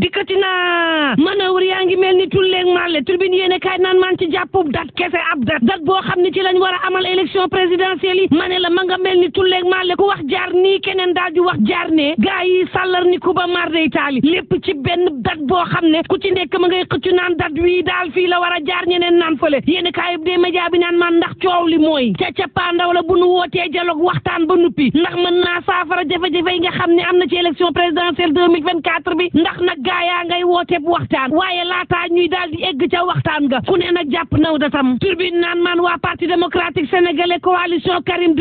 dikkati na manœuvre yaa ngi mel ni tulleeg le tribune yéene kaay naan maan ci jàppub dat kese ab dat dat boo xam ne ci lañ war a amal élection présidentielle yi ma ne la ma nga mel ni tulleeg màlle ku wax jaar nii keneen daal di wax jaar ne gaa yi ni ku ba mar day taali lépp ci benn dat boo xam ne ku ci nekk ma ngay xëccu naan dat wii daal fii la war a jaar ñeneen naan fële de média bi naan maan ndax coow li mooy ca ca paandaw la bu nu wootee dialogue waxtaan ba nuppi ndax mën naa saafara jafe-jafe yi nga xam na ci élection gaa yaa ngay wooteeb waxtaan waaye laataa ñuy daal di egg ca waxtaan ga ku ne nag jàpp naw datam turbine naan maan waa parti démocratique sénégalais coalition Karim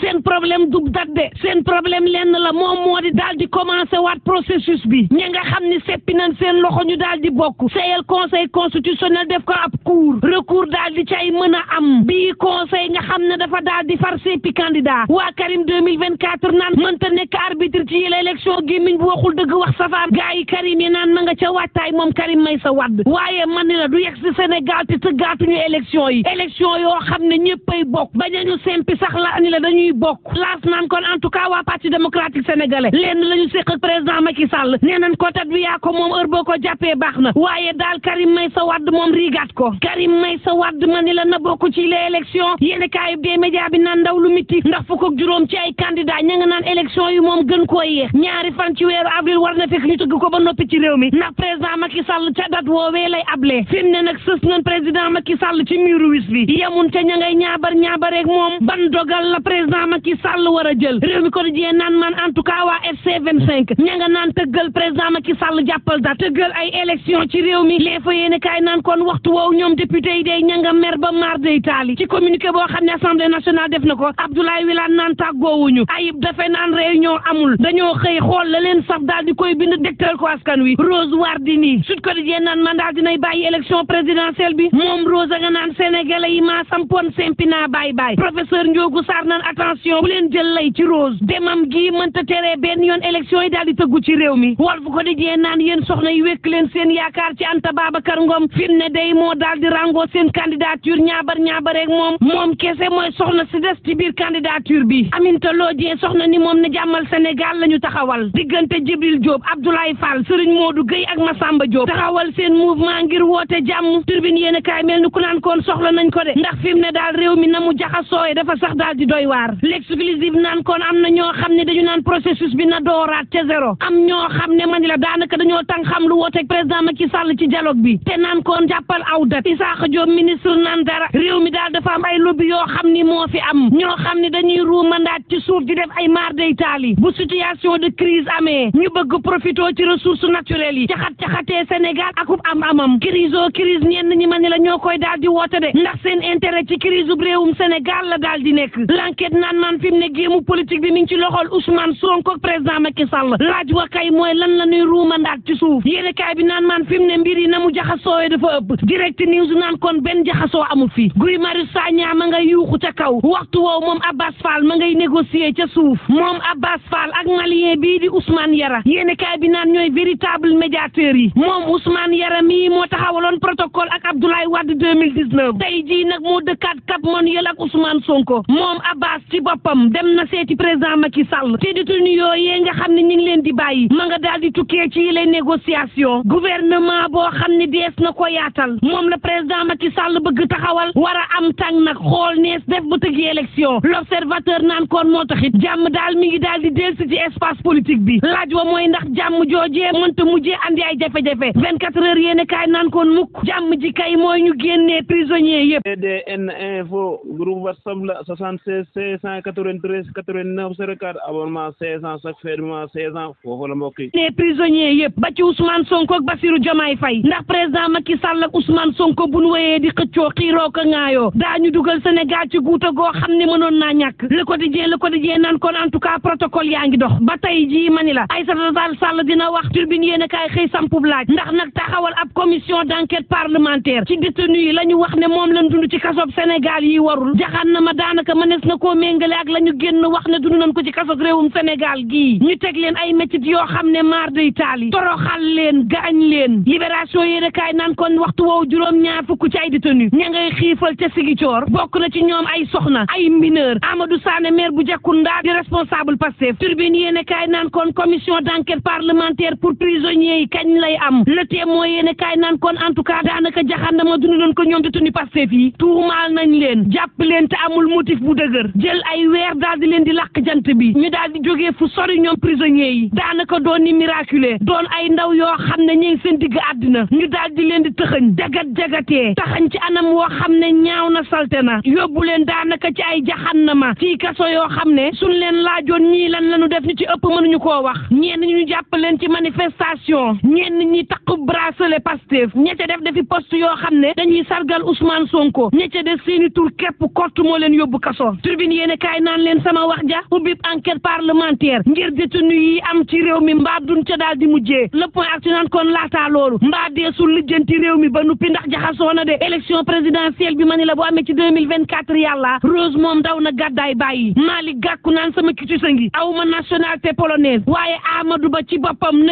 seen problème du date seen problème lenn la moom moo di daal di commencé waat processus bi ñi nga xam ni seppi nañ seen loxo ñu daal di bokk seyal conseil constitutionnel def ko ab cour recours daal di cay mën a am bii conseil nga xam ne dafa daal di far seppi candidat waa Karim naan mënta nekk Karim yi naan ma nga ca waajtaay moom Karim Meïssa Wade waaye man ni la du yegg si Sénégal te tëggaatuñu élection yi élection yoo xam ne ñëppay bokk bañañu sempi sax la ni la dañuy bokk laas naan kon en tout cas waa parti démocratique sénégalais lenn la ñu séq ak président Macky Sall nee nañ ko tat ko moom heure ko jàppee baax na waaye daal Karim Meïssa Wade moom riigaat ko Karim Meïssa Wade ma ni la na bokk ci les élections yéen kaayu des médias bi naan ndaw lu ba noppi ci réew mi ndax président Macky Sall ca dat woowee lay ablee ne nag sës nan président Macky Sall ci miiru wis bi yemun ca ña ngay ñaabar ñaabareeg moom ban dogal la président ma Sall war a jël ko mi quotidien naan man en tout cas waa FC 25 ña nga naan tëggal président Macky Sall jàppal dat tëggal ay élection ci réew mi les fa yéene kaay naan kon waxtu woowu ñoom député yi day ña nga mer ba maar day taali ci communiqué boo xam ne assemblée nationale def na ko Abdoulaye ko askan wi Rose Wardini Sud Quotidien naan man daal dinay bàyyi élection présidentielle bi moom Rose a nga naan sénégalais yi maa sampoon sempina baay baay professeur Ndiogou Sarr naan attention bu leen jël lay ci Rose demam gi mënta teree benn yoon élection yi daal di tëggu ci réew mi Walf Quotidien naan yéen soxna yi wékk leen seen yaakaar ci Anta Babacar Ngom fin ne day moo daal di rangoo seen candidature ñaabar ñaabareeg moom moom kese mooy soxna si des ci biir candidature bi Aminata Lô Dieng soxna ni moom ne jàmmal Sénégal la ñu taxawal diggante Djibril Diop Abdoulaye Fall Fall Serigne Modou Gueye ak Massamba Diop taxawal seen mouvement ngir woote jàmm turbine yéen a mel ni ku naan koon soxla nañ ko de ndax fi ne daal réew mi na mu jaxasooye dafa sax daal di doy waar l'exclusive naan koon am na ñoo xam ne dañu naan processus bi na dooraat ca zéro am ñoo xam ne man la daanaka dañoo tàng xam lu wooteeg président Macky Sall ci dialogue bi te naan koon jàppal aw dat Isaaxa Diop ministre naan dara réew mi daal dafa am ay lobby yoo xam ni moo fi am ñoo xam ne dañuy ruu mandat ci suuf di def ay maar day taali bu ressources naturelles yi caxat caxatee Sénégal akub am amam crise crise ñenn ñi ma ni la ñoo koy daal di woote de ndax seen intérêt ci crise bu réewum Sénégal la daal nekk l'enquête naan maan fi ne géemu politique bi mi ci loxol Ousmane Sonko président Macky Sall laaj wa kay mooy lan la ñuy ruumandaat ci suuf yéene kaay bi naan maan fi ne mbir na mu jaxasoowee dafa ëpp direct news naan kon benn jaxasoo amul fii Guy Marius Sagna ma nga yuuxu ca kaw waxtu woow moom Abbas ñooy véritable médiateurs yi moom Ousmane Yaram yi moo taxawaloon protocole ak Abdoulaye Wade 2019 tey jii nag moo dëkkaat Cap Manuel ak Ousmane Sonko moom Abbas ci boppam dem na seeti président Macky Sall te di tunu yooyee nga xam ne ñu ngi leen di bàyyi ma nga daal di tukkee ci les négociations gouvernement boo xam ni dees na ko yaatal moom la président Macky Sall bëgg taxawal war a am tàng nag xool nees def ba tëgg élection l'observateur naan koon moo taxit jàmm daal mi ngi daal di delsi bi joojee mënta mujjee andi ay jafe-jafe vingt quatre heures yéene kaay naan koon mukk jàmm ji kay mooy ñu génnee prisonnier yëpp e DDN info groupe whatsapp la 76 693 89 04 abonnement 1600 chaque fin du mois 1600 foofu la mbokk yi ne prisonnier yëpp ba ci Ousmane Sonko ak Bassirou Diomaye Faye ndax président Macky Sall ak Ousmane Sonko bu nu di xëccoo xiiroo ko ŋaayoo daañu dugal Sénégal ci guuta goo xam ne mënoon naa ñàkk le quotidien le quotidien naan kon en tout cas protocole yaa ngi dox ba tey wax bi yéen a kaay xëy sampub laaj ndax nak taxawal ab commission d'enquête parlementaire ci détenu yi lañu wax ne mom lañ dund ci kasso Sénégal yi warul jaxan na ma danaka manes na koo méngale ak lañu génn wax ne dund nañ ko ci kasso réewum Sénégal gi ñu tek leen ay métit yo xamne ne maar day taali toroxal leen gañ leen libération yéen kay nan kon waxtu wo juróom ñaar fukk ci ay détenu ña ngay xifal ci sigi cior bokku na ci ñoom ay soxna ay mineur Amadou Sané maire bu Jakkunda di responsable passé turbine yéen kay nan kon commission d'enquête parlementaire salaire yi kañ lay am le témoin yéene kaay naan kon en daanaka jaxandama dund loon ko ñoom detenu Pastef yi tuumaal nañ leen jàpp leen te amul motif bu dëgër jël ay weer daal di leen di làq jant bi ñu daal di jógee fu sori ñoom prisonniers yi daanaka doon ni miraculé doon ay ndaw yoo xam ne ñi seen digg àddina ñu daal di leen di tëxañ jagat jagatee taxañ ci anam woo xam ne ñaaw na salte na yóbbu leen daanaka ci ay jaxannama ci kaso yoo xam ne suñ leen laajoon ñii lan lañu manifestation ñenn ñi takk bracelet Pastef ña def defi poste yoo xam ne dañuy sargal Ousmane Sonko ña ca def seeni tur képp moo leen yóbbu kaso tribune yéen naan leen sama wax ja ubbib enquête parlementaire ngir détenu yi am ci réew mi mbaa duñ ca daal mujjee le point ak ci naan kon laataa loolu mbaa deesul lijjanti réew mi ba nuppi ndax jaxasoo na de élection présidentielle bi ma ni la bu amee ci deux mille vingt quatre yàlla Rose na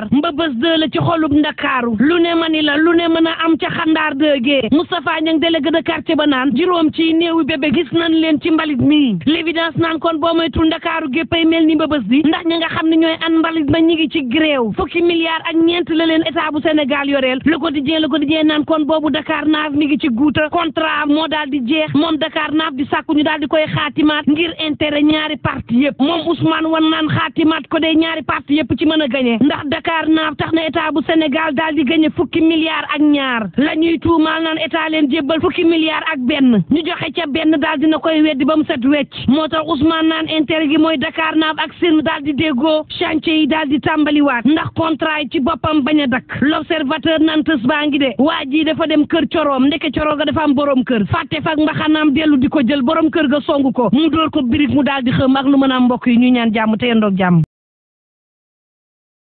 Dakar mbëbës deux la ci xolub Ndakaaru lu ne ma ni la lu ne mën a am ca xandaar deux gee Moustapha Niang délégué de quartier ba naan juróom ci néewi bébé gis nañ leen ci mbalit mii l'évidence naan kon boo moytul Ndakaaru géppay mel ni mbëbës di ndax ñi nga xam ne ñooy an mbalit ma ñi ngi ci gréew fukki milliards ak ñeent la leen état bu Sénégal yoreel le ko le quotidien naan kon boobu Dakar naaf mi ngi ci guuta contrat moo daal di jeex moom Dakar naaf di sàkku ñu daal di koy xaatimaat ngir intérêt ñaari parti yëpp moom Ousmane wan naan xaatimaat ko day ñaari parti yëpp ci mën a gañe ndax Dakar Dakar naaf tax na état bu senegal daal di gagné fukki milliards ak ñaar la ñuy tuumaal naan état leen jébbal fukki milliards ak benn ñu joxe ca benn daal dina koy weddi ba mu set wecc moo tax Ousmane naan intérêt gi mooy dakaar naaf ak seen daal di déggoo chantier yi daal di tàmbaliwaat ndax contrat yi ci boppam bañ a dakk l'observateur nan tës baa ngi de waa ji dafa dem kër coroom ndeke coroo ga dafa am borom kër fàtte fak mbaxanaam dellu di ko jël borom kër ga songu ko mu dóor ko birig mu daal di xëm lu mën a mbokk yi ñu ñaan jàmm te yendoog jàmm